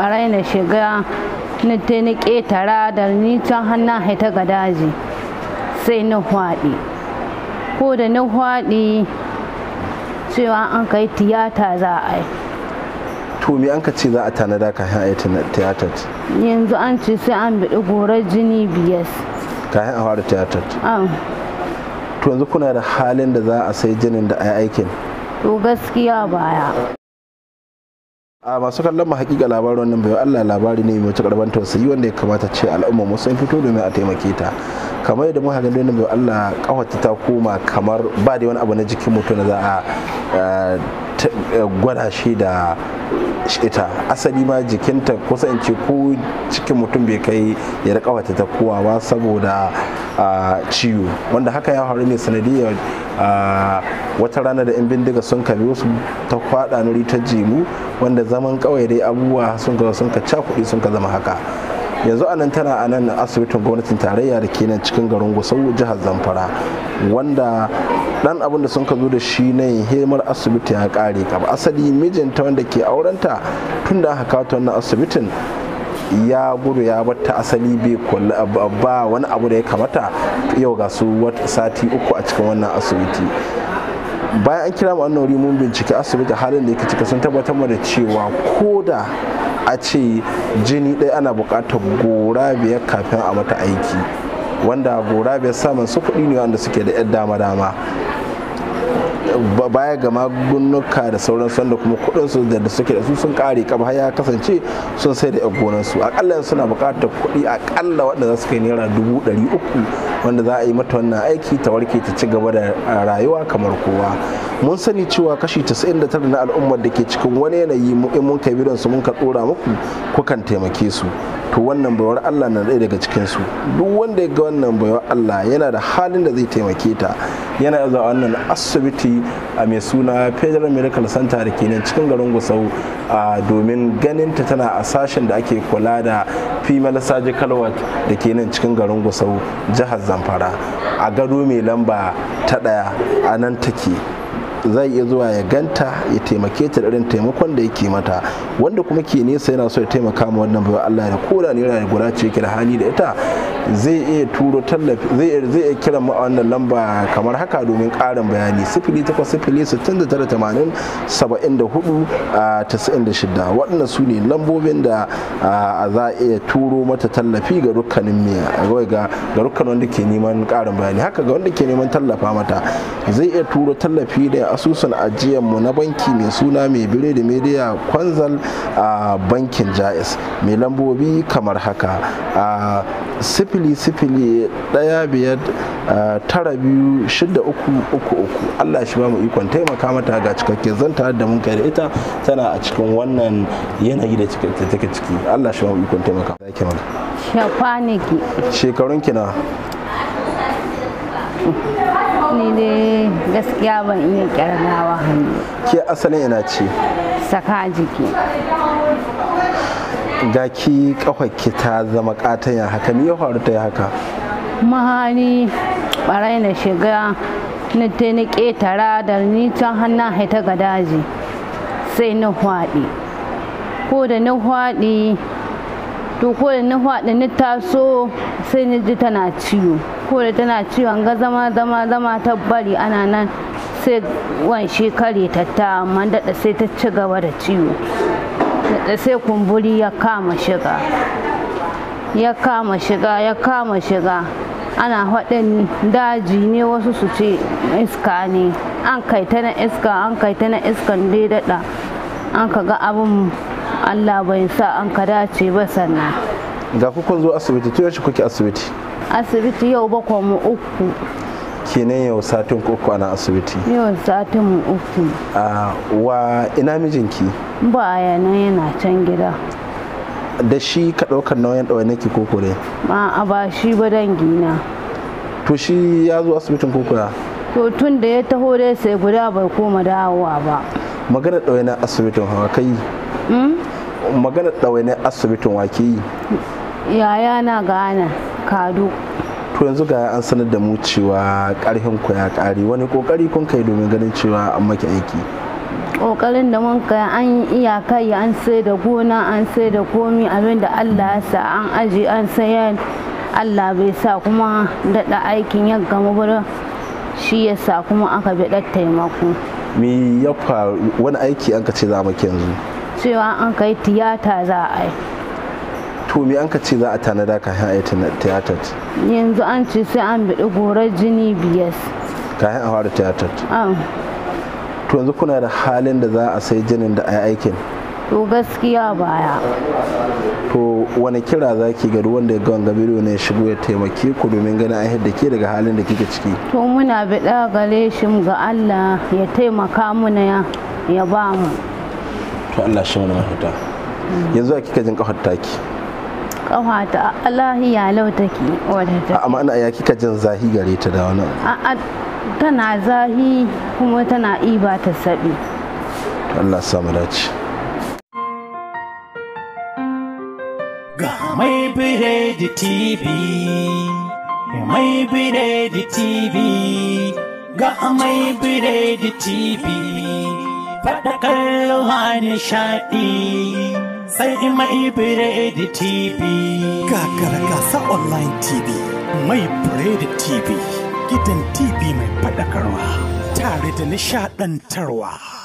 barai na shiga na te ƙetara da ni can hannun haita ga daji sai na haɗi ko da na haɗi cewa an kai tiyata za a yi to me an ka ce za a tanada ka a yi tiyatar yanzu an ce sai an biɗi gorar jini biyar kayan a fara tiyatar to yanzu kuna da halin da za a sai jinin da a yi aikin to gaskiya baya a masu kallon mu hakika labarin wannan bai Allah labari ne mai matuƙar ban tausayi wanda ya kamata ce al'umma mu sun fito domin a taimake ta kamar yadda muka gani wannan bai Allah kawata ta koma kamar ba da wani abu na jikin mutum na za a eh, Eh, gwada shi da ita asali ma jikinta kusan ce ko cikin mutum bai kai ya rika wata ta kowa ba saboda ah, ciwo wanda haka ya faru ne sanadiyar ah, wata rana da 'yan bindiga sun kabe wasu ta kwada nuri ta jimu wanda zaman kawai dai abubuwa sun ka sun ka cakudi sun ka zama haka yanzu a nan tana a nan asibitin gwamnatin tarayya da ke nan cikin garin gusau jihar zamfara wanda dan abin da sun ka zo da shi na yin hemar asibiti ya kare ka asali mijinta wanda ke aurenta tun da aka kawo wannan asibitin ya gudu ya bata asali bai ba wani abu da ya kamata yau ga su sati uku a cikin wannan asibiti bayan an kira mu wuri mun bincike asibiti halin da yake cika sun tabbatar da cewa ko da a ce jini ɗaya ana buƙatar gora biyar kafin a mata aiki wanda gora biyar samun su kuɗi ne wanda suke da 'yan dama-dama baya ga magunnuka da sauran sanda kuma kuɗin su da suke da su sun kare kaba har ya kasance sun sai da yan gonan su akalla suna bukatar kuɗi akalla wanda za su kai naira dubu ɗari uku wanda za a yi mata wannan aiki ta warke ta ci gaba da rayuwa kamar kowa mun sani cewa kashi 99 na al'ummar da ke cikin wani yanayi in mun kai bidon su mun ka tsora muku kukan taimake su to wannan baiwar Allah na ɗaya daga cikinsu duk wanda ya ga wannan baiwar Allah yana da halin da zai taimake ta yana da wannan asibiti a mai suna federal medical center da ke nan cikin garin gusau domin ganin ta tana a sashen da ake kula da female surgical ward da ke nan cikin garin gusau jihar zamfara a gado mai lamba ta ɗaya a nan take zai iya zuwa ya ganta ya taimake ta irin taimakon da yake mata wanda kuma ke nesa yana so ya taimaka ma wannan bayan Allah ya koda ne yana guda ce ke da hali da ita zai iya turo tallafi zai iya kira mu wannan lamba kamar haka domin ƙarin bayani sifili takwas sifili sittin da tara tamanin saba'in da hudu da waɗannan su ne lambobin da za a iya turo mata tallafi ga dukkanin miya ga dukkan wanda ke neman ƙarin bayani haka ga wanda ke neman tallafa mata zai iya turo tallafi da asusun ajiyar mu na banki mai suna mai bire da media kwanzal a bankin jais mai lambobi kamar haka sifili sifili ɗaya biyar tara biyu shida uku uku uku allah shi ba mu ikon taimaka mata ga cikakken zanta da mun kai da ita tana a cikin wannan yanayi da take ciki allah shi ba mu ikon taimaka zaki mana shafaniki shekarun kina ni dai gaskiya ban iya kyargawa hannu ke asalin ina ce saka jiki ga ki ki ta zama katanya haka ni ya faru ta yi haka mahani barai na shiga na ta na ƙetara da ni can hannun haita ga daji sai na hwaɗi ko da na hwaɗi to ko da na hwaɗi na taso sai na ji tana ciwo ko da tana ciwon ga zama zama zama ta bari ana nan sai wan shekare ta ta amma daɗa sai ta ci gaba da ciwo da sai kumburi ya kama shiga ya kama shiga ya kama shiga ana faɗin daji ne wasu su ce iska ne an kai ta na iska an kai ta na iskan dai daɗa an ka ga abin allah bai sa an ka dace ba sannan ga kukun zo asibiti to shi kuke asibiti asibiti yau bakwai mu uku kenan yau satin uku na asibiti yau satin uku a wa ina mijinki ba a yana yana can gida da shi ka ɗaukar nauyin ɗawai nake koko ne a ba shi ba na to shi ya zo asibitin kokura to tun da ya taho dai sai guda bai koma dawowa ba magana ɗawai na asibitin hawa kai hmm? magana ɗawai na asibitin wa ke yi yaya na gana kado to yanzu ga an sanar da mu cewa ƙarfin ku ya kare wani kokari kun kai domin ganin cewa an maki aiki kokarin da mun kai an iya kai an sai da gona an sai da komi abin da Allah ya sa an aji an sayar Allah bai sa kuma daɗa aikin ya gama gurin shi ya sa kuma aka bi ɗan taimako. Me ya faru wani aiki an ka ce za mu yanzu? Cewa an kai tiyata za a yi. to me an ka ce za a tanada ka a yi tiyatar yanzu an ce sai an bi gorar jini biyar kafin a fara tiyatar to yanzu kuna da halin da za a sai jinin da a yi aikin to gaskiya baya to wani kira za ki gari wanda ya ganga bidiyo ne shigo ya taimake ku domin ganin a yadda ke daga halin da kike ciki to muna biɗa gare shi ga Allah ya taimaka muna ya ba mu to Allah shi mana mafita mm. yanzu a kika jin kafar taki kawata ya lau take wadda amma ana ya kika jin zahi gare ta da wani tana zahi kuma tana iba ta sabi Allah samu dace ga mai biredi tv mai biredi tv ga mai biredi tv faɗakar ruwa nishaɗi sai mai da TV. Gagara gasa online TV, mai da TV, gidan TV mai faɗakarwa, tare da nishaɗantarwa.